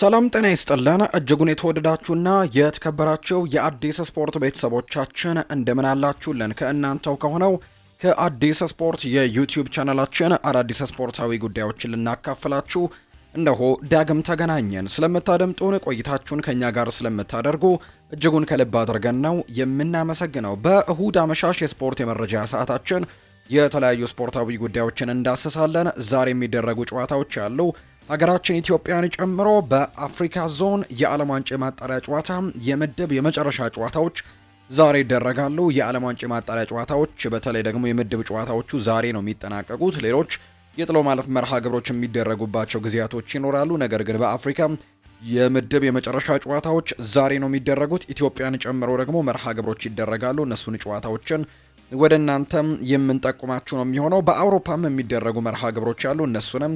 ሰላም ጤና ይስጥልን እጅጉን የተወደዳችሁና የተከበራችሁ የአዲስ ስፖርት ቤተሰቦቻችን እንደምን አላችሁልን? ከእናንተው ከሆነው ከአዲስ ስፖርት የዩቲዩብ ቻናላችን አዳዲስ ስፖርታዊ ጉዳዮችን ልናካፍላችሁ እነሆ ዳግም ተገናኘን። ስለምታደምጡን ቆይታችሁን ከእኛ ጋር ስለምታደርጉ እጅጉን ከልብ አድርገን ነው የምናመሰግነው። በእሁድ አመሻሽ የስፖርት የመረጃ ሰዓታችን የተለያዩ ስፖርታዊ ጉዳዮችን እንዳስሳለን። ዛሬ የሚደረጉ ጨዋታዎች አሉ። ሀገራችን ኢትዮጵያን ጨምሮ በአፍሪካ ዞን የዓለም ዋንጫ የማጣሪያ ጨዋታ የምድብ የመጨረሻ ጨዋታዎች ዛሬ ይደረጋሉ። የዓለም ዋንጫ የማጣሪያ ጨዋታዎች በተለይ ደግሞ የምድብ ጨዋታዎቹ ዛሬ ነው የሚጠናቀቁት። ሌሎች የጥሎ ማለፍ መርሃ ግብሮች የሚደረጉባቸው ጊዜያቶች ይኖራሉ። ነገር ግን በአፍሪካ የምድብ የመጨረሻ ጨዋታዎች ዛሬ ነው የሚደረጉት። ኢትዮጵያን ጨምሮ ደግሞ መርሃ ግብሮች ይደረጋሉ። እነሱን ጨዋታዎችን ወደ እናንተም የምንጠቁማችሁ ነው የሚሆነው። በአውሮፓም የሚደረጉ መርሃ ግብሮች አሉ። እነሱንም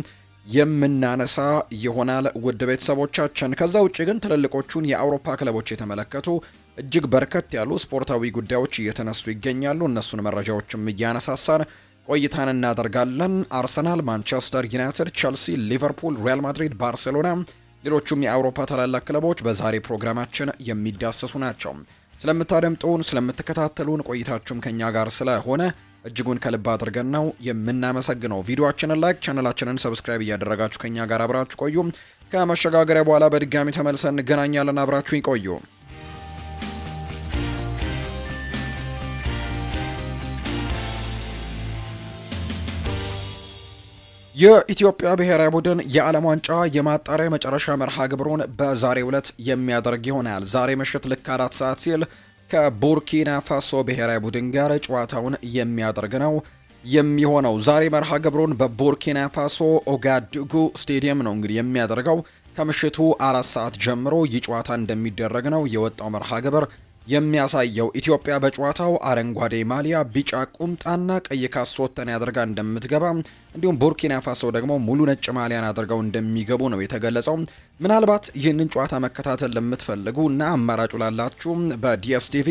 የምናነሳ ይሆናል ውድ ቤተሰቦቻችን። ከዛ ውጭ ግን ትልልቆቹን የአውሮፓ ክለቦች የተመለከቱ እጅግ በርከት ያሉ ስፖርታዊ ጉዳዮች እየተነሱ ይገኛሉ። እነሱን መረጃዎችም እያነሳሳን ቆይታን እናደርጋለን። አርሰናል፣ ማንቸስተር ዩናይትድ፣ ቸልሲ፣ ሊቨርፑል፣ ሪያል ማድሪድ፣ ባርሴሎና፣ ሌሎቹም የአውሮፓ ታላላቅ ክለቦች በዛሬ ፕሮግራማችን የሚዳሰሱ ናቸው። ስለምታደምጡን፣ ስለምትከታተሉን ቆይታችሁም ከኛ ጋር ስለሆነ እጅጉን ከልብ አድርገን ነው የምናመሰግነው። ቪዲዮአችንን ላይክ፣ ቻነላችንን ሰብስክራይብ እያደረጋችሁ ከኛ ጋር አብራችሁ ቆዩ። ከመሸጋገሪያ በኋላ በድጋሚ ተመልሰን እንገናኛለን። አብራችሁ ይቆዩ። የኢትዮጵያ ብሔራዊ ቡድን የዓለም ዋንጫ የማጣሪያ መጨረሻ መርሃ ግብሩን በዛሬው ዕለት የሚያደርግ ይሆናል። ዛሬ ምሽት ልክ አራት ሰዓት ሲል ከቡርኪና ፋሶ ብሔራዊ ቡድን ጋር ጨዋታውን የሚያደርግ ነው የሚሆነው። ዛሬ መርሃ ግብሩን በቡርኪና ፋሶ ኦጋዱጉ ስቴዲየም ነው እንግዲህ የሚያደርገው ከምሽቱ አራት ሰዓት ጀምሮ ይህ ጨዋታ እንደሚደረግ ነው የወጣው መርሃ ግብር የሚያሳየው ኢትዮጵያ በጨዋታው አረንጓዴ ማሊያ፣ ቢጫ ቁምጣና ቀይ ካስወተን ያደርጋ እንደምትገባ እንዲሁም ቡርኪና ፋሶ ደግሞ ሙሉ ነጭ ማሊያን አድርገው እንደሚገቡ ነው የተገለጸው። ምናልባት ይህንን ጨዋታ መከታተል ለምትፈልጉ እና አማራጩ ላላችሁ በዲኤስቲቪ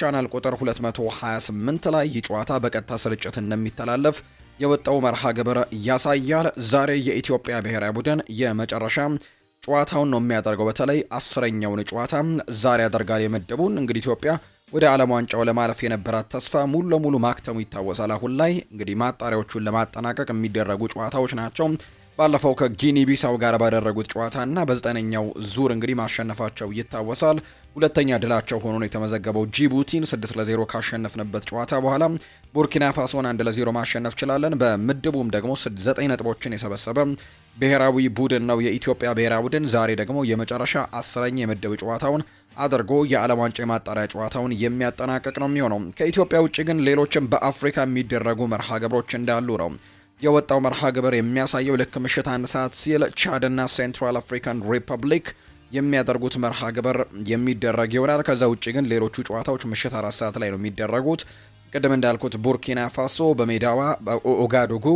ቻናል ቁጥር 228 ላይ ይህ ጨዋታ በቀጥታ ስርጭት እንደሚተላለፍ የወጣው መርሃ ግብር ያሳያል። ዛሬ የኢትዮጵያ ብሔራዊ ቡድን የመጨረሻ ጨዋታውን ነው የሚያደርገው። በተለይ አስረኛውን ጨዋታ ዛሬ ያደርጋል። የምድቡን እንግዲህ ኢትዮጵያ ወደ ዓለም ዋንጫው ለማለፍ የነበራት ተስፋ ሙሉ ለሙሉ ማክተሙ ይታወሳል። አሁን ላይ እንግዲህ ማጣሪያዎቹን ለማጠናቀቅ የሚደረጉ ጨዋታዎች ናቸው። ባለፈው ከጊኒ ቢሳው ጋር ባደረጉት ጨዋታና በዘጠነኛው ዙር እንግዲህ ማሸነፋቸው ይታወሳል። ሁለተኛ ድላቸው ሆኖ ነው የተመዘገበው። ጂቡቲን 6 ለ0 ካሸነፍንበት ጨዋታ በኋላ ቡርኪና ፋሶን 1 ለ0 ማሸነፍ ችላለን። በምድቡም ደግሞ 9 ነጥቦችን የሰበሰበ ብሔራዊ ቡድን ነው የኢትዮጵያ ብሔራዊ ቡድን። ዛሬ ደግሞ የመጨረሻ አስረኛ የምድብ ጨዋታውን አድርጎ የዓለም ዋንጫ የማጣሪያ ጨዋታውን የሚያጠናቅቅ ነው የሚሆነው። ከኢትዮጵያ ውጭ ግን ሌሎችም በአፍሪካ የሚደረጉ መርሃ ግብሮች እንዳሉ ነው የወጣው መርሃ ግብር የሚያሳየው ልክ ምሽት አንድ ሰዓት ሲል ቻድና ሴንትራል አፍሪካን ሪፐብሊክ የሚያደርጉት መርሃ ግብር የሚደረግ ይሆናል። ከዛ ውጭ ግን ሌሎቹ ጨዋታዎች ምሽት አራት ሰዓት ላይ ነው የሚደረጉት። ቅድም እንዳልኩት ቡርኪና ፋሶ በሜዳዋ በኦጋዶጉ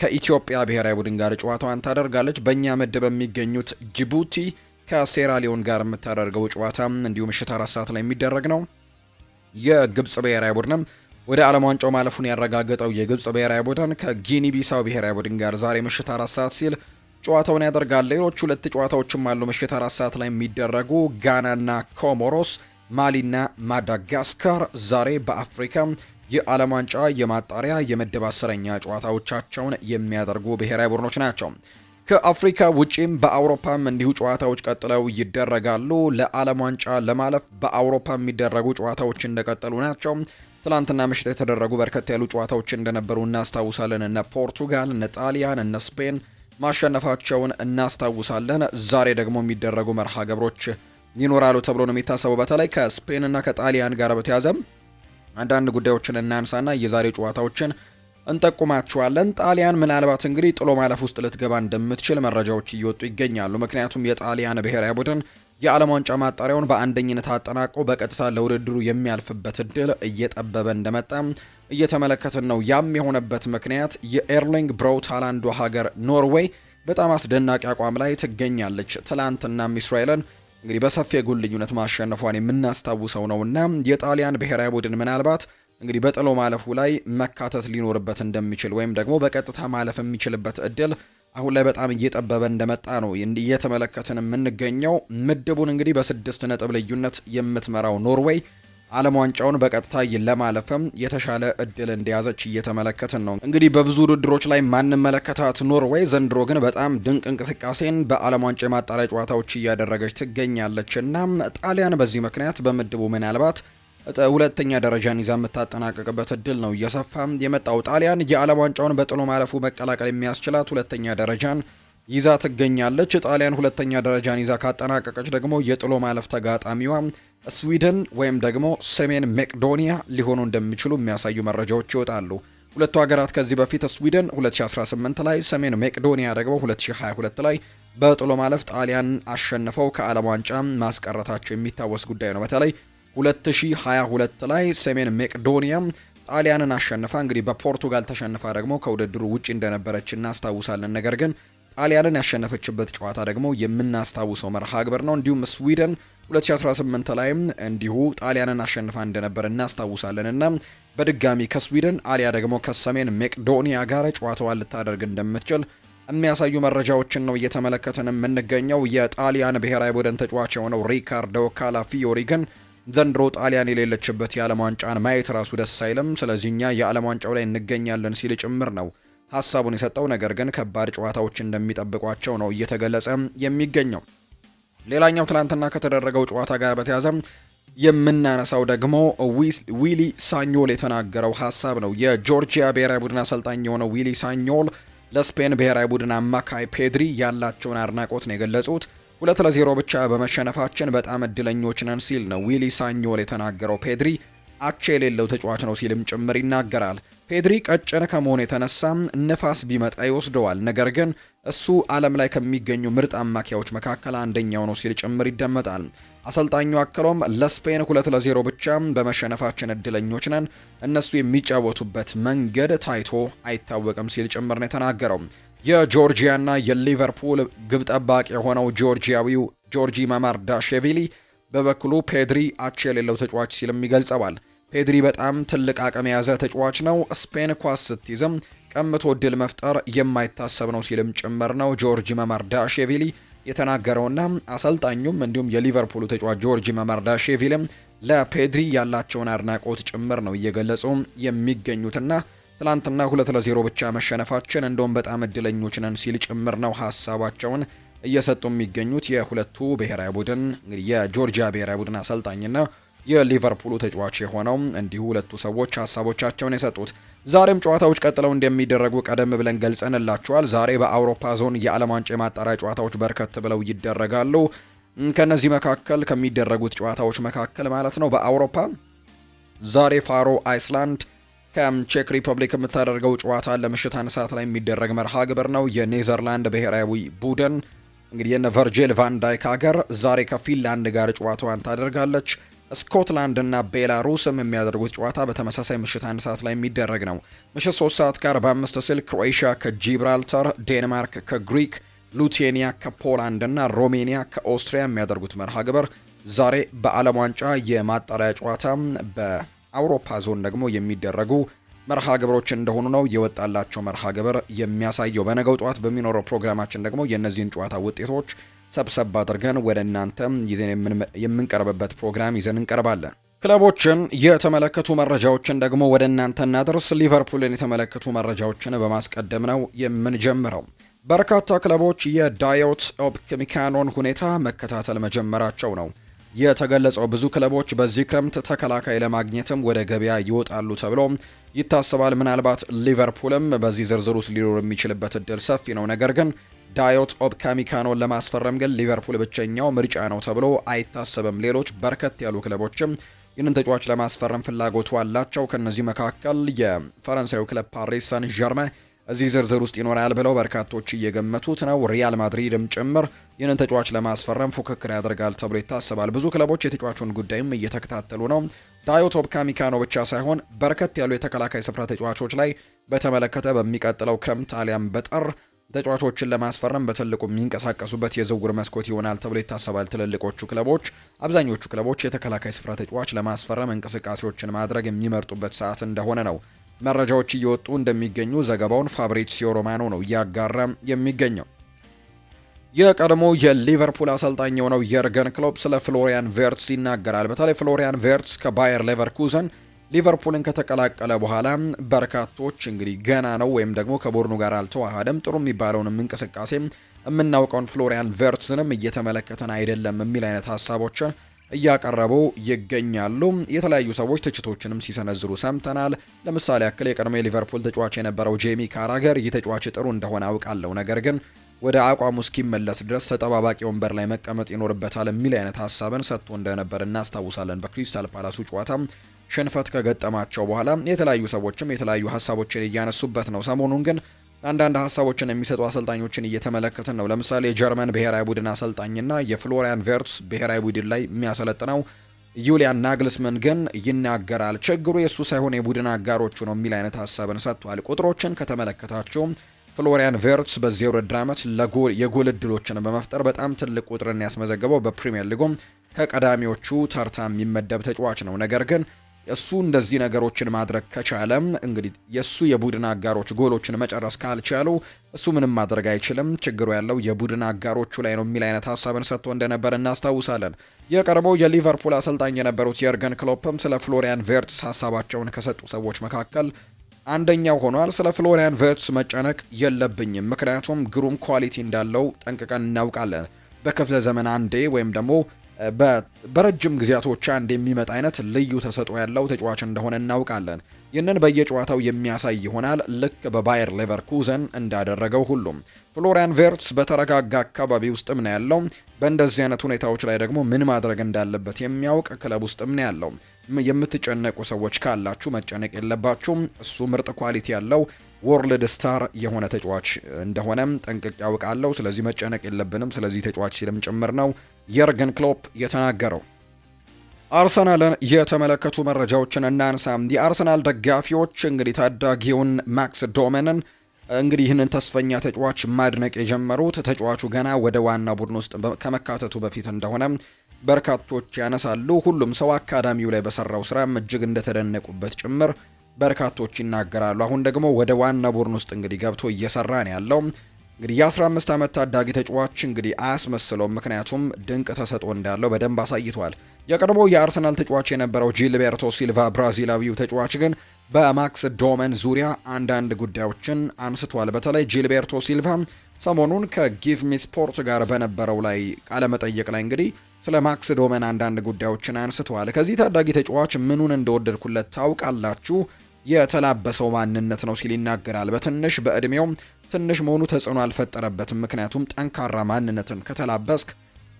ከኢትዮጵያ ብሔራዊ ቡድን ጋር ጨዋታዋን ታደርጋለች። በእኛ ምድብ የሚገኙት ጅቡቲ ከሴራሊዮን ጋር የምታደርገው ጨዋታ እንዲሁ ምሽት አራት ሰዓት ላይ የሚደረግ ነው። የግብጽ ብሔራዊ ቡድንም ወደ ዓለም ዋንጫው ማለፉን ያረጋገጠው የግብፅ ብሔራዊ ቡድን ከጊኒ ቢሳው ብሔራዊ ቡድን ጋር ዛሬ ምሽት አራት ሰዓት ሲል ጨዋታውን ያደርጋል። ሌሎች ሁለት ጨዋታዎችም አሉ ምሽት አራት ሰዓት ላይ የሚደረጉ ጋናና ኮሞሮስ፣ ማሊና ማዳጋስካር ዛሬ በአፍሪካ የዓለም ዋንጫ የማጣሪያ የምድብ አስረኛ ጨዋታዎቻቸውን የሚያደርጉ ብሔራዊ ቡድኖች ናቸው። ከአፍሪካ ውጪም በአውሮፓም እንዲሁ ጨዋታዎች ቀጥለው ይደረጋሉ። ለዓለም ዋንጫ ለማለፍ በአውሮፓ የሚደረጉ ጨዋታዎች እንደቀጠሉ ናቸው። ትላንትና ምሽት የተደረጉ በርከት ያሉ ጨዋታዎች እንደነበሩ እናስታውሳለን። እነ ፖርቱጋል፣ እነ ጣሊያን፣ እነ ስፔን ማሸነፋቸውን እናስታውሳለን። ዛሬ ደግሞ የሚደረጉ መርሃ ግብሮች ይኖራሉ ተብሎ ነው የሚታሰቡ በተለይ ከስፔንና ከጣሊያን ጋር በተያዘም አንዳንድ ጉዳዮችን እናንሳና የዛሬ ጨዋታዎችን እንጠቁማችኋለን። ጣሊያን ምናልባት እንግዲህ ጥሎ ማለፍ ውስጥ ልትገባ እንደምትችል መረጃዎች እየወጡ ይገኛሉ። ምክንያቱም የጣሊያን ብሔራዊ ቡድን የዓለም ዋንጫ ማጣሪያውን በአንደኝነት አጠናቆ በቀጥታ ለውድድሩ የሚያልፍበት እድል እየጠበበ እንደመጣ እየተመለከትን ነው። ያም የሆነበት ምክንያት የኤርሊንግ ብራውት ሀገር ኖርዌይ በጣም አስደናቂ አቋም ላይ ትገኛለች። ትላንትናም እስራኤልን እንግዲህ በሰፊ የጎል ልዩነት ማሸነፏን የምናስታውሰው ነውና የጣሊያን ብሔራዊ ቡድን ምናልባት እንግዲህ በጥሎ ማለፉ ላይ መካተት ሊኖርበት እንደሚችል ወይም ደግሞ በቀጥታ ማለፍ የሚችልበት እድል አሁን ላይ በጣም እየጠበበ እንደመጣ ነው እየተመለከትን የምንገኘው። ምድቡን እንግዲህ በስድስት ነጥብ ልዩነት የምትመራው ኖርዌይ ዓለም ዋንጫውን በቀጥታ ለማለፍም የተሻለ እድል እንደያዘች እየተመለከትን ነው። እንግዲህ በብዙ ውድድሮች ላይ ማንመለከታት ኖርዌይ ዘንድሮ ግን በጣም ድንቅ እንቅስቃሴን በዓለም ዋንጫ የማጣሪያ ጨዋታዎች እያደረገች ትገኛለች እና ጣሊያን በዚህ ምክንያት በምድቡ ምናልባት ሁለተኛ ደረጃን ይዛ የምታጠናቀቅበት እድል ነው እየሰፋ የመጣው። ጣሊያን የዓለም ዋንጫውን በጥሎ ማለፉ መቀላቀል የሚያስችላት ሁለተኛ ደረጃን ይዛ ትገኛለች። ጣሊያን ሁለተኛ ደረጃን ይዛ ካጠናቀቀች ደግሞ የጥሎ ማለፍ ተጋጣሚዋ ስዊድን ወይም ደግሞ ሰሜን መቄዶኒያ ሊሆኑ እንደሚችሉ የሚያሳዩ መረጃዎች ይወጣሉ። ሁለቱ ሀገራት ከዚህ በፊት ስዊድን 2018 ላይ፣ ሰሜን መቄዶኒያ ደግሞ 2022 ላይ በጥሎ ማለፍ ጣሊያን አሸንፈው ከዓለም ዋንጫ ማስቀረታቸው የሚታወስ ጉዳይ ነው። በተለይ 2022 ላይ ሰሜን መቄዶኒያ ጣሊያንን አሸንፋ እንግዲህ በፖርቱጋል ተሸንፋ ደግሞ ከውድድሩ ውጭ እንደነበረች እናስታውሳለን። ነገር ግን ጣሊያንን ያሸነፈችበት ጨዋታ ደግሞ የምናስታውሰው መርሃ ግብር ነው። እንዲሁም ስዊድን 2018 ላይም እንዲሁ ጣሊያንን አሸንፋ እንደነበር እናስታውሳለን እና በድጋሚ ከስዊድን አሊያ ደግሞ ከሰሜን መቄዶኒያ ጋር ጨዋታዋን ልታደርግ እንደምትችል የሚያሳዩ መረጃዎችን ነው እየተመለከተን የምንገኘው። የጣሊያን ብሔራዊ ቡድን ተጫዋች የሆነው ሪካርዶ ካላፊዮሪ ግን ዘንድሮ ጣሊያን የሌለችበት የዓለም ዋንጫን ማየት ራሱ ደስ አይልም። ስለዚህ እኛ የዓለም ዋንጫው ላይ እንገኛለን ሲል ጭምር ነው ሀሳቡን የሰጠው። ነገር ግን ከባድ ጨዋታዎች እንደሚጠብቋቸው ነው እየተገለጸ የሚገኘው። ሌላኛው ትናንትና ከተደረገው ጨዋታ ጋር በተያያዘ የምናነሳው ደግሞ ዊሊ ሳኞል የተናገረው ሀሳብ ነው። የጆርጂያ ብሔራዊ ቡድን አሰልጣኝ የሆነው ዊሊ ሳኞል ለስፔን ብሔራዊ ቡድን አማካይ ፔድሪ ያላቸውን አድናቆት ነው የገለጹት። ሁለት ለዜሮ ብቻ በመሸነፋችን በጣም እድለኞች ነን ሲል ነው ዊሊ ሳኞል የተናገረው። ፔድሪ አቻ የሌለው ተጫዋች ነው ሲልም ጭምር ይናገራል። ፔድሪ ቀጭን ከመሆኑ የተነሳም ንፋስ ቢመጣ ይወስደዋል። ነገር ግን እሱ ዓለም ላይ ከሚገኙ ምርጥ አማካዮች መካከል አንደኛው ነው ሲል ጭምር ይደመጣል። አሰልጣኙ አክሎም ለስፔን ሁለት ለዜሮ ብቻ በመሸነፋችን እድለኞች ነን፣ እነሱ የሚጫወቱበት መንገድ ታይቶ አይታወቅም ሲል ጭምር ነው የተናገረው። የጆርጂያና የሊቨርፑል ግብ ጠባቂ የሆነው ጆርጂያዊው ጆርጂ ማማርዳሽቪሊ በበኩሉ ፔድሪ አቻ የሌለው ተጫዋች ሲልም ይገልጸዋል። ፔድሪ በጣም ትልቅ አቅም የያዘ ተጫዋች ነው። ስፔን ኳስ ስትይዝም ቀምቶ ድል መፍጠር የማይታሰብ ነው ሲልም ጭምር ነው ጆርጂ ማማርዳሽቪሊ የተናገረውና አሰልጣኙም እንዲሁም የሊቨርፑሉ ተጫዋች ጆርጂ ማማርዳሽቪሊም ለፔድሪ ያላቸውን አድናቆት ጭምር ነው እየገለጹ የሚገኙትና ትላንትና ሁለት ለዜሮ ብቻ መሸነፋችን እንደውም በጣም እድለኞች ነን ሲል ጭምር ነው ሀሳባቸውን እየሰጡ የሚገኙት የሁለቱ ብሔራዊ ቡድን እንግዲህ የጆርጂያ ብሔራዊ ቡድን አሰልጣኝና የሊቨርፑሉ ተጫዋች የሆነው እንዲሁ ሁለቱ ሰዎች ሀሳቦቻቸውን የሰጡት። ዛሬም ጨዋታዎች ቀጥለው እንደሚደረጉ ቀደም ብለን ገልጸንላቸዋል። ዛሬ በአውሮፓ ዞን የዓለም ዋንጫ የማጣሪያ ጨዋታዎች በርከት ብለው ይደረጋሉ። ከነዚህ መካከል ከሚደረጉት ጨዋታዎች መካከል ማለት ነው በአውሮፓ ዛሬ ፋሮ አይስላንድ ከቼክ ሪፐብሊክ የምታደርገው ጨዋታ ለምሽት አንድ ሰዓት ላይ የሚደረግ መርሃ ግብር ነው። የኔዘርላንድ ብሔራዊ ቡድን እንግዲህ የነ ቨርጂል ቫንዳይክ ሀገር ዛሬ ከፊንላንድ ጋር ጨዋታዋን ታደርጋለች። ስኮትላንድ እና ቤላሩስም የሚያደርጉት ጨዋታ በተመሳሳይ ምሽት አንድ ሰዓት ላይ የሚደረግ ነው። ምሽት 3 ሰዓት ጋር በአምስት ስል ክሮኤሽያ ከጂብራልተር፣ ዴንማርክ ከግሪክ፣ ሉቴኒያ ከፖላንድ እና ሮሜኒያ ከኦስትሪያ የሚያደርጉት መርሃ ግብር ዛሬ በዓለም ዋንጫ የማጣሪያ ጨዋታ በ አውሮፓ ዞን ደግሞ የሚደረጉ መርሃ ግብሮች እንደሆኑ ነው የወጣላቸው መርሃ ግብር የሚያሳየው። በነገው ጠዋት በሚኖረው ፕሮግራማችን ደግሞ የእነዚህን ጨዋታ ውጤቶች ሰብሰብ አድርገን ወደ እናንተም ይዘን የምንቀርብበት ፕሮግራም ይዘን እንቀርባለን። ክለቦችን የተመለከቱ መረጃዎችን ደግሞ ወደ እናንተ እናደርስ። ሊቨርፑልን የተመለከቱ መረጃዎችን በማስቀደም ነው የምንጀምረው። በርካታ ክለቦች የዳዮት ኦፕ ኬሚካኖን ሁኔታ መከታተል መጀመራቸው ነው የተገለጸው። ብዙ ክለቦች በዚህ ክረምት ተከላካይ ለማግኘትም ወደ ገበያ ይወጣሉ ተብሎ ይታሰባል። ምናልባት ሊቨርፑልም በዚህ ዝርዝር ውስጥ ሊኖር የሚችልበት እድል ሰፊ ነው። ነገር ግን ዳዮት ኦብ ለማስፈረም ግን ሊቨርፑል ብቸኛው ምርጫ ነው ተብሎ አይታሰብም። ሌሎች በርከት ያሉ ክለቦችም ይህንን ተጫዋች ለማስፈረም ፍላጎቱ አላቸው። ከእነዚህ መካከል የፈረንሳዩ ክለብ ፓሪስ ሰን ዠርመን እዚህ ዝርዝር ውስጥ ይኖራል ብለው በርካቶች እየገመቱት ነው። ሪያል ማድሪድም ጭምር ይህንን ተጫዋች ለማስፈረም ፉክክር ያደርጋል ተብሎ ይታሰባል። ብዙ ክለቦች የተጫዋቹን ጉዳይም እየተከታተሉ ነው። ዳዮት ኡፓሜካኖ ብቻ ሳይሆን በርከት ያሉ የተከላካይ ስፍራ ተጫዋቾች ላይ በተመለከተ በሚቀጥለው ክረምት አሊያም በጥር ተጫዋቾችን ለማስፈረም በትልቁ የሚንቀሳቀሱበት የዝውውር መስኮት ይሆናል ተብሎ ይታሰባል። ትልልቆቹ ክለቦች አብዛኞቹ ክለቦች የተከላካይ ስፍራ ተጫዋች ለማስፈረም እንቅስቃሴዎችን ማድረግ የሚመርጡበት ሰዓት እንደሆነ ነው መረጃዎች እየወጡ እንደሚገኙ ዘገባውን ፋብሪሲዮ ሮማኖ ነው እያጋራ የሚገኘው። የቀድሞ የሊቨርፑል አሰልጣኝ የሆነው የርገን ክሎፕ ስለ ፍሎሪያን ቬርትስ ይናገራል። በተለይ ፍሎሪያን ቬርትስ ከባየር ሌቨርኩዘን ሊቨርፑልን ከተቀላቀለ በኋላ በርካቶች እንግዲህ ገና ነው ወይም ደግሞ ከቡድኑ ጋር አልተዋሃደም፣ ጥሩ የሚባለውንም እንቅስቃሴ የምናውቀውን ፍሎሪያን ቬርትስንም እየተመለከተን አይደለም የሚል አይነት ሀሳቦችን እያቀረቡ ይገኛሉ። የተለያዩ ሰዎች ትችቶችንም ሲሰነዝሩ ሰምተናል። ለምሳሌ ያክል የቀድሞ የሊቨርፑል ተጫዋች የነበረው ጄሚ ካራገር ይህ ተጫዋች ጥሩ እንደሆነ አውቃለሁ፣ ነገር ግን ወደ አቋሙ እስኪመለስ ድረስ ተጠባባቂ ወንበር ላይ መቀመጥ ይኖርበታል የሚል አይነት ሀሳብን ሰጥቶ እንደነበር እናስታውሳለን። በክሪስታል ፓላሱ ጨዋታ ሽንፈት ከገጠማቸው በኋላ የተለያዩ ሰዎችም የተለያዩ ሀሳቦችን እያነሱበት ነው። ሰሞኑን ግን አንዳንድ ሀሳቦችን የሚሰጡ አሰልጣኞችን እየተመለከትን ነው። ለምሳሌ የጀርመን ብሔራዊ ቡድን አሰልጣኝና የፍሎሪያን ቬርትስ ብሔራዊ ቡድን ላይ የሚያሰለጥነው ዩሊያን ናግልስመን ግን ይናገራል። ችግሩ የእሱ ሳይሆን የቡድን አጋሮቹ ነው የሚል አይነት ሀሳብን ሰጥቷል። ቁጥሮችን ከተመለከታቸው ፍሎሪያን ቬርትስ በዚህ ውድድር ዓመት የጎል እድሎችን በመፍጠር በጣም ትልቅ ቁጥርን ያስመዘገበው በፕሪምየር ሊጉም ከቀዳሚዎቹ ተርታ የሚመደብ ተጫዋች ነው። ነገር ግን እሱ እንደዚህ ነገሮችን ማድረግ ከቻለም እንግዲህ የእሱ የቡድን አጋሮች ጎሎችን መጨረስ ካልቻሉ እሱ ምንም ማድረግ አይችልም፣ ችግሩ ያለው የቡድን አጋሮቹ ላይ ነው የሚል አይነት ሀሳብን ሰጥቶ እንደነበር እናስታውሳለን። የቀድሞው የሊቨርፑል አሰልጣኝ የነበሩት የርገን ክሎፕም ስለ ፍሎሪያን ቬርትስ ሀሳባቸውን ከሰጡ ሰዎች መካከል አንደኛው ሆኗል። ስለ ፍሎሪያን ቬርትስ መጨነቅ የለብኝም፣ ምክንያቱም ግሩም ኳሊቲ እንዳለው ጠንቅቀን እናውቃለን። በክፍለ ዘመን አንዴ ወይም ደግሞ በረጅም ጊዜያቶች አንድ የሚመጣ አይነት ልዩ ተሰጥኦ ያለው ተጫዋች እንደሆነ እናውቃለን። ይህንን በየጨዋታው የሚያሳይ ይሆናል፣ ልክ በባየር ሌቨርኩዘን እንዳደረገው ሁሉም። ፍሎሪያን ቬርትስ በተረጋጋ አካባቢ ውስጥም ነው ያለው። በእንደዚህ አይነት ሁኔታዎች ላይ ደግሞ ምን ማድረግ እንዳለበት የሚያውቅ ክለብ ውስጥም ነው ያለው። የምትጨነቁ ሰዎች ካላችሁ መጨነቅ የለባችሁም። እሱ ምርጥ ኳሊቲ ያለው ወርልድ ስታር የሆነ ተጫዋች እንደሆነም ጠንቅቅ ያውቃለሁ። ስለዚህ መጨነቅ የለብንም ስለዚህ ተጫዋች ሲልም ጭምር ነው የርገን ክሎፕ የተናገረው። አርሰናልን የተመለከቱ መረጃዎችን እናንሳ። የአርሰናል ደጋፊዎች እንግዲህ ታዳጊውን ማክስ ዶመንን እንግዲህ ይህንን ተስፈኛ ተጫዋች ማድነቅ የጀመሩት ተጫዋቹ ገና ወደ ዋና ቡድን ውስጥ ከመካተቱ በፊት እንደሆነ በርካቶች ያነሳሉ። ሁሉም ሰው አካዳሚው ላይ በሰራው ስራም እጅግ እንደተደነቁበት ጭምር በርካቶች ይናገራሉ። አሁን ደግሞ ወደ ዋና ቡድን ውስጥ እንግዲህ ገብቶ እየሰራ ነው ያለው። እንግዲህ የ15 ዓመት ታዳጊ ተጫዋች እንግዲህ አያስመስለውም፣ ምክንያቱም ድንቅ ተሰጥኦ እንዳለው በደንብ አሳይቷል። የቀድሞ የአርሰናል ተጫዋች የነበረው ጂልቤርቶ ሲልቫ ብራዚላዊው ተጫዋች ግን በማክስ ዶመን ዙሪያ አንዳንድ ጉዳዮችን አንስቷል። በተለይ ጂልቤርቶ ሲልቫ ሰሞኑን ከጊቭ ሚ ስፖርት ጋር በነበረው ላይ ቃለመጠየቅ ላይ እንግዲህ ስለ ማክስ ዶመን አንዳንድ ጉዳዮችን አንስተዋል። ከዚህ ታዳጊ ተጫዋች ምኑን እንደወደድኩለት ታውቃላችሁ፣ የተላበሰው ማንነት ነው ሲል ይናገራል። በትንሽ በዕድሜው ትንሽ መሆኑ ተጽዕኖ አልፈጠረበትም። ምክንያቱም ጠንካራ ማንነትን ከተላበስክ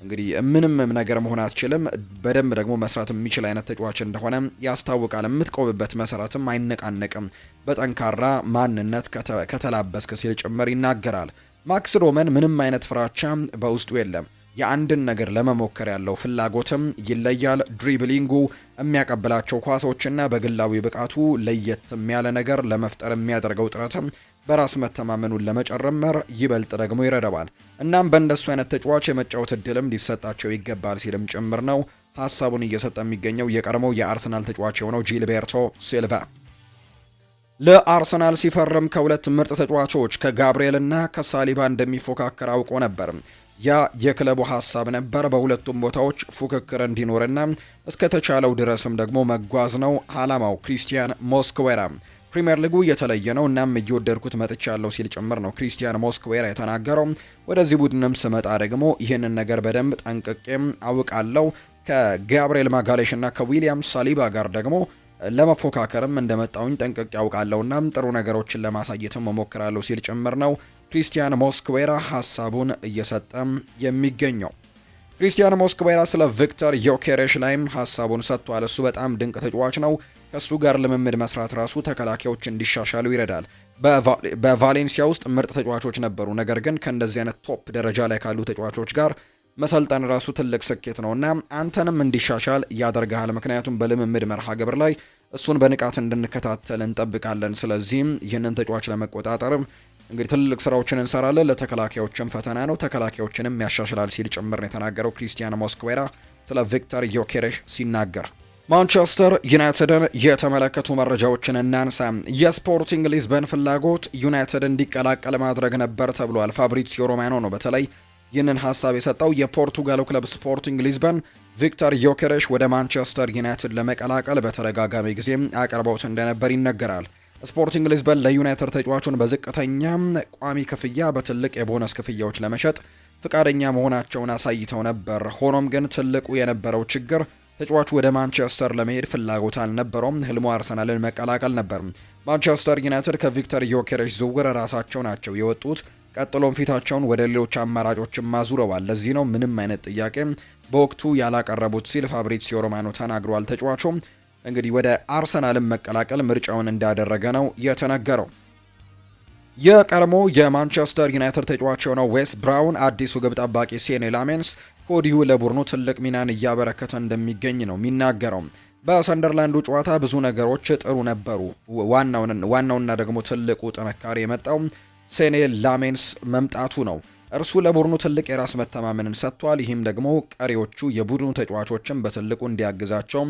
እንግዲህ ምንም ነገር መሆን አትችልም። በደንብ ደግሞ መስራት የሚችል አይነት ተጫዋች እንደሆነ ያስታውቃል። የምትቆምበት መሰረትም አይነቃነቅም በጠንካራ ማንነት ከተላበስክ ሲል ጭምር ይናገራል። ማክስ ሮመን ምንም አይነት ፍራቻ በውስጡ የለም። የአንድን ነገር ለመሞከር ያለው ፍላጎትም ይለያል። ድሪብሊንጉ፣ የሚያቀብላቸው ኳሶችና በግላዊ ብቃቱ ለየት ያለ ነገር ለመፍጠር የሚያደርገው ጥረትም በራስ መተማመኑን ለመጨረመር ይበልጥ ደግሞ ይረዳዋል። እናም በእንደሱ አይነት ተጫዋች የመጫወት እድልም ሊሰጣቸው ይገባል ሲልም ጭምር ነው ሀሳቡን እየሰጠ የሚገኘው የቀድሞው የአርሰናል ተጫዋች የሆነው ጂልቤርቶ ሲልቫ። ለአርሰናል ሲፈርም ከሁለት ምርጥ ተጫዋቾች ከጋብርኤልና ከሳሊባ እንደሚፎካከር አውቆ ነበር። ያ የክለቡ ሀሳብ ነበር። በሁለቱም ቦታዎች ፉክክር እንዲኖርና እስከተቻለው ድረስም ደግሞ መጓዝ ነው አላማው። ክሪስቲያን ሞስኩዌራ ፕሪምየር ሊጉ እየተለየ ነው፣ እናም እየወደድኩት መጥቻለሁ ሲል ጭምር ነው ክሪስቲያን ሞስኩዌራ የተናገረው። ወደዚህ ቡድንም ስመጣ ደግሞ ይህንን ነገር በደንብ ጠንቅቄም አውቃለሁ። ከጋብርኤል ማጋሌሽ እና ከዊሊያም ሳሊባ ጋር ደግሞ ለመፎካከርም እንደመጣውኝ ጠንቅቄ አውቃለሁ፣ እናም ጥሩ ነገሮችን ለማሳየትም እሞክራለሁ ሲል ጭምር ነው ክሪስቲያን ሞስኩዌራ ሀሳቡን እየሰጠም የሚገኘው። ክሪስቲያን ሞስኩቬራ ስለ ቪክተር ዮኬሬሽ ላይም ሀሳቡን ሰጥቷል። እሱ በጣም ድንቅ ተጫዋች ነው። ከእሱ ጋር ልምምድ መስራት ራሱ ተከላካዮች እንዲሻሻሉ ይረዳል። በቫሌንሲያ ውስጥ ምርጥ ተጫዋቾች ነበሩ፣ ነገር ግን ከእንደዚህ አይነት ቶፕ ደረጃ ላይ ካሉ ተጫዋቾች ጋር መሰልጠን ራሱ ትልቅ ስኬት ነው እና አንተንም እንዲሻሻል ያደርግሃል። ምክንያቱም በልምምድ መርሃ ግብር ላይ እሱን በንቃት እንድንከታተል እንጠብቃለን። ስለዚህም ይህንን ተጫዋች ለመቆጣጠርም እንግዲህ ትልልቅ ስራዎችን እንሰራለን። ለተከላካዮችም ፈተና ነው፣ ተከላካዮችንም ያሻሽላል ሲል ጭምር ነው የተናገረው ክሪስቲያን ሞስኩዌራ ስለ ቪክተር ዮኬሬሽ ሲናገር። ማንቸስተር ዩናይትድን የተመለከቱ መረጃዎችን እናንሳ። የስፖርቲንግ ሊዝበን ፍላጎት ዩናይትድ እንዲቀላቀል ማድረግ ነበር ተብሏል። ፋብሪዚዮ ሮማኖ ነው በተለይ ይህንን ሀሳብ የሰጠው። የፖርቱጋሉ ክለብ ስፖርቲንግ ሊዝበን ቪክተር ዮኬሬሽ ወደ ማንቸስተር ዩናይትድ ለመቀላቀል በተደጋጋሚ ጊዜም አቅርበውት እንደነበር ይነገራል። ስፖርቲንግ ሊዝበን ለዩናይትድ ተጫዋቹን በዝቅተኛ ቋሚ ክፍያ በትልቅ የቦነስ ክፍያዎች ለመሸጥ ፍቃደኛ መሆናቸውን አሳይተው ነበር። ሆኖም ግን ትልቁ የነበረው ችግር ተጫዋቹ ወደ ማንቸስተር ለመሄድ ፍላጎት አልነበረውም። ህልሙ አርሰናልን መቀላቀል ነበር። ማንቸስተር ዩናይትድ ከቪክተር ዮኬሬሽ ዝውውር ራሳቸው ናቸው የወጡት። ቀጥሎም ፊታቸውን ወደ ሌሎች አማራጮችም አዙረዋል። ለዚህ ነው ምንም አይነት ጥያቄ በወቅቱ ያላቀረቡት ሲል ፋብሪዚዮ ሮማኖ ተናግሯል። ተጫዋቹም እንግዲህ ወደ አርሰናልን መቀላቀል ምርጫውን እንዳደረገ ነው የተነገረው። የቀድሞ የማንቸስተር ዩናይትድ ተጫዋች የሆነው ዌስ ብራውን አዲሱ ግብ ጠባቂ ሴኔ ላሜንስ ከወዲሁ ለቡድኑ ትልቅ ሚናን እያበረከተ እንደሚገኝ ነው የሚናገረው። በሰንደርላንዱ ጨዋታ ብዙ ነገሮች ጥሩ ነበሩ። ዋናውና ደግሞ ትልቁ ጥንካሬ የመጣው ሴኔ ላሜንስ መምጣቱ ነው። እርሱ ለቡድኑ ትልቅ የራስ መተማመንን ሰጥቷል። ይህም ደግሞ ቀሪዎቹ የቡድኑ ተጫዋቾችን በትልቁ እንዲያግዛቸው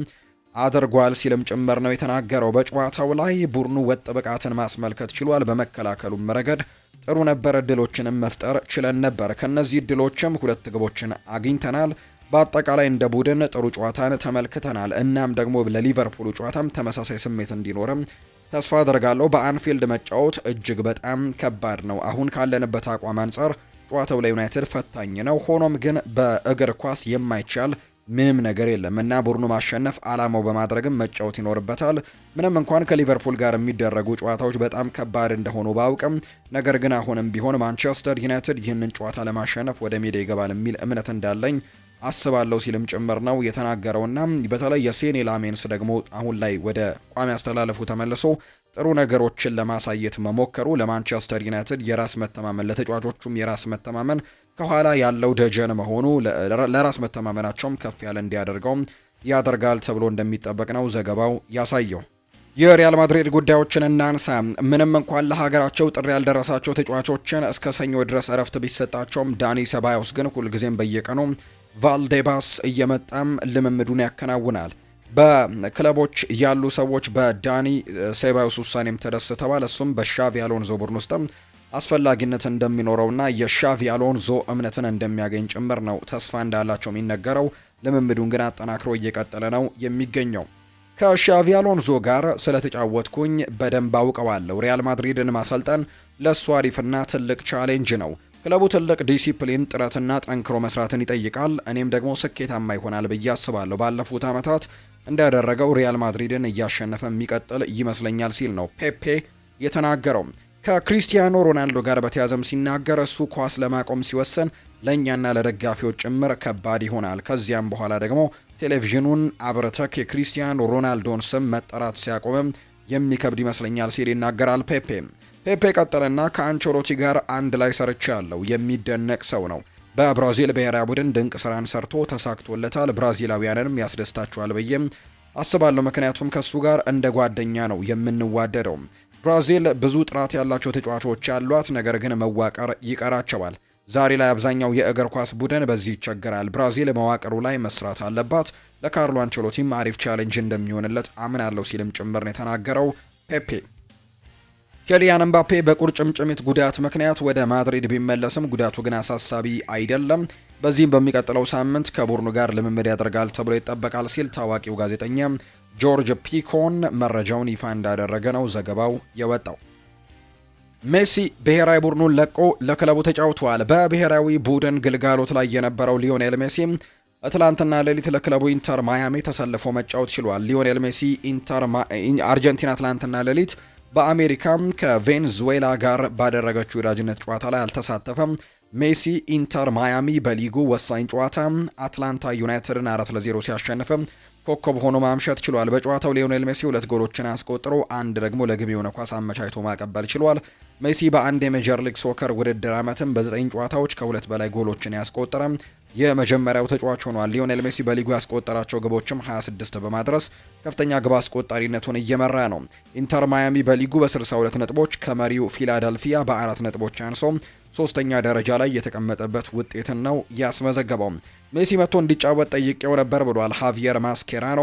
አድርጓል ሲልም ጭምር ነው የተናገረው። በጨዋታው ላይ ቡድኑ ወጥ ብቃትን ማስመልከት ችሏል። በመከላከሉም ረገድ ጥሩ ነበር። እድሎችንም መፍጠር ችለን ነበር። ከነዚህ እድሎችም ሁለት ግቦችን አግኝተናል። በአጠቃላይ እንደ ቡድን ጥሩ ጨዋታን ተመልክተናል። እናም ደግሞ ለሊቨርፑሉ ጨዋታም ተመሳሳይ ስሜት እንዲኖርም ተስፋ አደርጋለሁ። በአንፊልድ መጫወት እጅግ በጣም ከባድ ነው። አሁን ካለንበት አቋም አንጻር ጨዋታው ለዩናይትድ ፈታኝ ነው። ሆኖም ግን በእግር ኳስ የማይቻል ምንም ነገር የለም እና ቡድኑ ማሸነፍ አላማው በማድረግም መጫወት ይኖርበታል። ምንም እንኳን ከሊቨርፑል ጋር የሚደረጉ ጨዋታዎች በጣም ከባድ እንደሆኑ ባውቅም፣ ነገር ግን አሁንም ቢሆን ማንቸስተር ዩናይትድ ይህንን ጨዋታ ለማሸነፍ ወደ ሜዳ ይገባል የሚል እምነት እንዳለኝ አስባለሁ ሲልም ጭምር ነው የተናገረውና በተለይ የሴኔ ላሜንስ ደግሞ አሁን ላይ ወደ ቋሚ አስተላለፉ ተመልሶ ጥሩ ነገሮችን ለማሳየት መሞከሩ ለማንቸስተር ዩናይትድ የራስ መተማመን ለተጫዋቾቹም የራስ መተማመን ከኋላ ያለው ደጀን መሆኑ ለራስ መተማመናቸውም ከፍ ያለ እንዲያደርገው ያደርጋል ተብሎ እንደሚጠበቅ ነው ዘገባው ያሳየው። የሪያል ማድሪድ ጉዳዮችን እናንሳ። ምንም እንኳን ለሀገራቸው ጥሪ ያልደረሳቸው ተጫዋቾችን እስከ ሰኞ ድረስ እረፍት ቢሰጣቸውም ዳኒ ሰባዮስ ግን ሁልጊዜም በየቀኑ ቫልዴባስ እየመጣም ልምምዱን ያከናውናል። በክለቦች ያሉ ሰዎች በዳኒ ሴባዮስ ውሳኔም ተደስተዋል። እሱም በሻቪ አሎንዞ ቡድን ውስጥም አስፈላጊነት እንደሚኖረውና የሻቪ አሎንዞ እምነትን እንደሚያገኝ ጭምር ነው ተስፋ እንዳላቸው የሚነገረው። ልምምዱን ግን አጠናክሮ እየቀጠለ ነው የሚገኘው። ከሻቪ አሎንዞ ጋር ስለተጫወትኩኝ በደንብ አውቀዋለሁ። ሪያል ማድሪድን ማሰልጠን ለእሱ አሪፍና ትልቅ ቻሌንጅ ነው። ክለቡ ትልቅ ዲሲፕሊን፣ ጥረትና ጠንክሮ መስራትን ይጠይቃል። እኔም ደግሞ ስኬታማ ይሆናል ብዬ አስባለሁ። ባለፉት ዓመታት እንዳደረገው ሪያል ማድሪድን እያሸነፈ የሚቀጥል ይመስለኛል ሲል ነው ፔፔ የተናገረው። ከክሪስቲያኖ ሮናልዶ ጋር በተያዘም ሲናገር እሱ ኳስ ለማቆም ሲወሰን ለእኛና ለደጋፊዎች ጭምር ከባድ ይሆናል። ከዚያም በኋላ ደግሞ ቴሌቪዥኑን አብርተክ የክሪስቲያኖ ሮናልዶን ስም መጠራት ሲያቆምም የሚከብድ ይመስለኛል ሲል ይናገራል ፔፔ። ፔፔ ቀጠለና ከአንቸሎቲ ጋር አንድ ላይ ሰርቻ ያለው የሚደነቅ ሰው ነው በብራዚል ብሔራዊ ቡድን ድንቅ ስራን ሰርቶ ተሳክቶለታል። ብራዚላውያንንም ያስደስታቸዋል ብዬም አስባለሁ። ምክንያቱም ከሱ ጋር እንደ ጓደኛ ነው የምንዋደደው። ብራዚል ብዙ ጥራት ያላቸው ተጫዋቾች ያሏት፣ ነገር ግን መዋቀር ይቀራቸዋል። ዛሬ ላይ አብዛኛው የእግር ኳስ ቡድን በዚህ ይቸገራል። ብራዚል መዋቅሩ ላይ መስራት አለባት። ለካርሎ አንቸሎቲም አሪፍ ቻሌንጅ እንደሚሆንለት አምናለሁ ሲልም ጭምር ነው የተናገረው ፔፔ ኬሊያን ኤምባፔ በቁርጭምጭሚት ጉዳት ምክንያት ወደ ማድሪድ ቢመለስም ጉዳቱ ግን አሳሳቢ አይደለም፣ በዚህም በሚቀጥለው ሳምንት ከቡድኑ ጋር ልምምድ ያደርጋል ተብሎ ይጠበቃል ሲል ታዋቂው ጋዜጠኛ ጆርጅ ፒኮን መረጃውን ይፋ እንዳደረገ ነው ዘገባው የወጣው። ሜሲ ብሔራዊ ቡድኑን ለቆ ለክለቡ ተጫውተዋል። በብሔራዊ ቡድን ግልጋሎት ላይ የነበረው ሊዮኔል ሜሲ ትላንትና ሌሊት ለክለቡ ኢንተር ማያሚ ተሰልፎ መጫወት ችሏል። ሊዮኔል ሜሲ አርጀንቲና ትላንትና ሌሊት በአሜሪካም ከቬንዙዌላ ጋር ባደረገችው ወዳጅነት ጨዋታ ላይ አልተሳተፈም። ሜሲ ኢንተር ማያሚ በሊጉ ወሳኝ ጨዋታ አትላንታ ዩናይትድን አራት ለዜሮ ሲያሸንፍም ኮከብ ሆኖ ማምሸት ችሏል። በጨዋታው ሊዮኔል ሜሲ ሁለት ጎሎችን አስቆጥሮ አንድ ደግሞ ለግብ የሆነ ኳስ አመቻችቶ ማቀበል ችሏል። ሜሲ በአንድ የሜጀር ሊግ ሶከር ውድድር ዓመትም በዘጠኝ ጨዋታዎች ከሁለት በላይ ጎሎችን ያስቆጠረ የመጀመሪያው ተጫዋች ሆኗል። ሊዮኔል ሜሲ በሊጉ ያስቆጠራቸው ግቦችም 26 በማድረስ ከፍተኛ ግብ አስቆጣሪነቱን እየመራ ነው። ኢንተር ማያሚ በሊጉ በ62 ነጥቦች ከመሪው ፊላደልፊያ በአራት ነጥቦች አንሶ ሶስተኛ ደረጃ ላይ የተቀመጠበት ውጤትን ነው ያስመዘገበው። ሜሲ መጥቶ እንዲጫወት ጠይቄው ነበር ብሏል ሃቪየር ማስኬራኖ።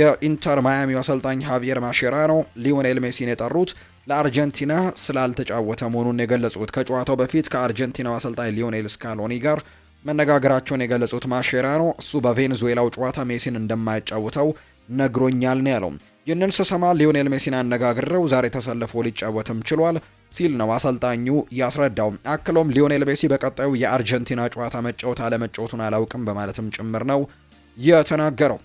የኢንተር ማያሚው አሰልጣኝ ሃቪየር ማሼራኖ ሊዮኔል ሜሲን የጠሩት ለአርጀንቲና ስላልተጫወተ መሆኑን የገለጹት ከጨዋታው በፊት ከአርጀንቲናው አሰልጣኝ ሊዮኔል ስካሎኒ ጋር መነጋገራቸውን የገለጹት ማሼራኖ እሱ በቬንዙዌላው ጨዋታ ሜሲን እንደማይጫወተው ነግሮኛል ነው ያለው። ይህንን ስሰማ ሊዮኔል ሜሲን አነጋግረው ዛሬ ተሰልፎ ሊጫወትም ችሏል ሲል ነው አሰልጣኙ ያስረዳው። አክሎም ሊዮኔል ሜሲ በቀጣዩ የአርጀንቲና ጨዋታ መጫወት አለመጫወቱን አላውቅም በማለትም ጭምር ነው የተናገረው።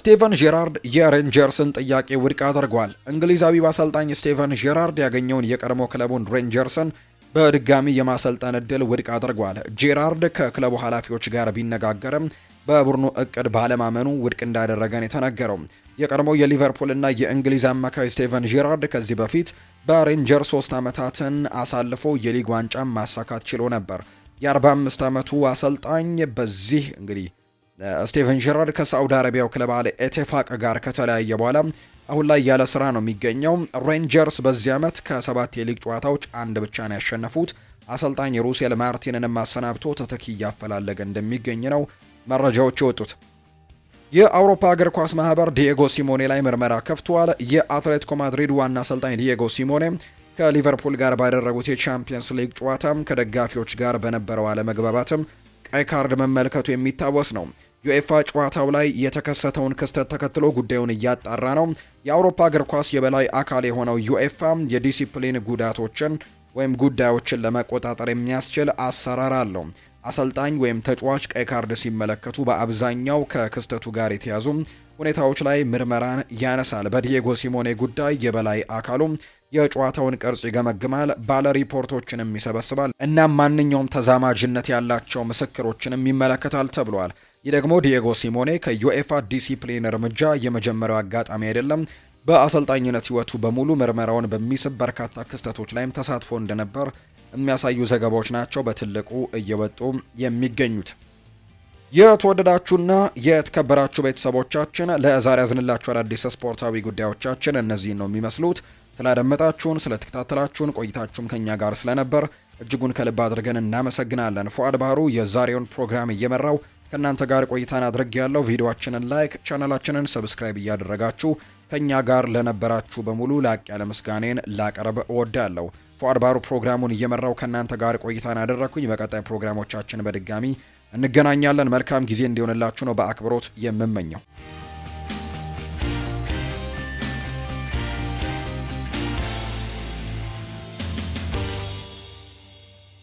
ስቴቨን ጄራርድ የሬንጀርስን ጥያቄ ውድቅ አድርጓል። እንግሊዛዊው አሰልጣኝ ስቴቨን ጄራርድ ያገኘውን የቀድሞ ክለቡን ሬንጀርስን በድጋሚ የማሰልጠን እድል ውድቅ አድርጓል። ጄራርድ ከክለቡ ኃላፊዎች ጋር ቢነጋገርም በቡድኑ እቅድ ባለማመኑ ውድቅ እንዳደረገን የተነገረው የቀድሞው የሊቨርፑልና የእንግሊዝ አማካይ ስቴቨን ጄራርድ ከዚህ በፊት በሬንጀር ሶስት ዓመታትን አሳልፎ የሊግ ዋንጫ ማሳካት ችሎ ነበር። የ45 ዓመቱ አሰልጣኝ በዚህ እንግዲህ ስቴቨን ጄራርድ ከሳዑዲ አረቢያው ክለብ አል ኤቴፋቅ ጋር ከተለያየ በኋላ አሁን ላይ ያለ ስራ ነው የሚገኘው። ሬንጀርስ በዚህ ዓመት ከሰባት የሊግ ጨዋታዎች አንድ ብቻ ነው ያሸነፉት። አሰልጣኝ ሩሴል ማርቲንንም አሰናብቶ ተተኪ እያፈላለገ እንደሚገኝ ነው መረጃዎች የወጡት። የአውሮፓ እግር ኳስ ማህበር ዲኤጎ ሲሞኔ ላይ ምርመራ ከፍቷል። የአትሌቲኮ ማድሪድ ዋና አሰልጣኝ ዲኤጎ ሲሞኔ ከሊቨርፑል ጋር ባደረጉት የቻምፒየንስ ሊግ ጨዋታም ከደጋፊዎች ጋር በነበረው አለመግባባትም ቀይ ካርድ መመልከቱ የሚታወስ ነው። ዩኤፋ ጨዋታው ላይ የተከሰተውን ክስተት ተከትሎ ጉዳዩን እያጣራ ነው። የአውሮፓ እግር ኳስ የበላይ አካል የሆነው ዩኤፋ የዲሲፕሊን ጉዳቶችን ወይም ጉዳዮችን ለመቆጣጠር የሚያስችል አሰራር አለው። አሰልጣኝ ወይም ተጫዋች ቀይ ካርድ ሲመለከቱ በአብዛኛው ከክስተቱ ጋር የተያዙ ሁኔታዎች ላይ ምርመራን ያነሳል። በዲየጎ ሲሞኔ ጉዳይ የበላይ አካሉ የጨዋታውን ቅርጽ ይገመግማል፣ ባለ ሪፖርቶችንም ይሰበስባል እና ማንኛውም ተዛማጅነት ያላቸው ምስክሮችንም ይመለከታል ተብሏል። ይህ ደግሞ ዲየጎ ሲሞኔ ከዩኤፋ ዲሲፕሊን እርምጃ የመጀመሪያው አጋጣሚ አይደለም። በአሰልጣኝነት ሕይወቱ በሙሉ ምርመራውን በሚስብ በርካታ ክስተቶች ላይም ተሳትፎ እንደነበር የሚያሳዩ ዘገባዎች ናቸው በትልቁ እየወጡ የሚገኙት። የተወደዳችሁና የተከበራችሁ ቤተሰቦቻችን ለዛሬ ያዝንላችሁ አዳዲስ ስፖርታዊ ጉዳዮቻችን እነዚህን ነው የሚመስሉት። ስላደመጣችሁን፣ ስለተከታተላችሁን ቆይታችሁም ከኛ ጋር ስለነበር እጅጉን ከልብ አድርገን እናመሰግናለን። ፉአድ ባህሩ የዛሬውን ፕሮግራም እየመራው ከእናንተ ጋር ቆይታን አድርግ ያለው ቪዲዮችንን ላይክ ቻናላችንን ሰብስክራይብ እያደረጋችሁ ከእኛ ጋር ለነበራችሁ በሙሉ ላቅ ያለ ምስጋኔን ላቀርብ እወዳለሁ። ባሩ ፕሮግራሙን እየመራው ከእናንተ ጋር ቆይታን አደረግኩኝ። በቀጣይ ፕሮግራሞቻችን በድጋሚ እንገናኛለን። መልካም ጊዜ እንዲሆንላችሁ ነው በአክብሮት የምመኘው።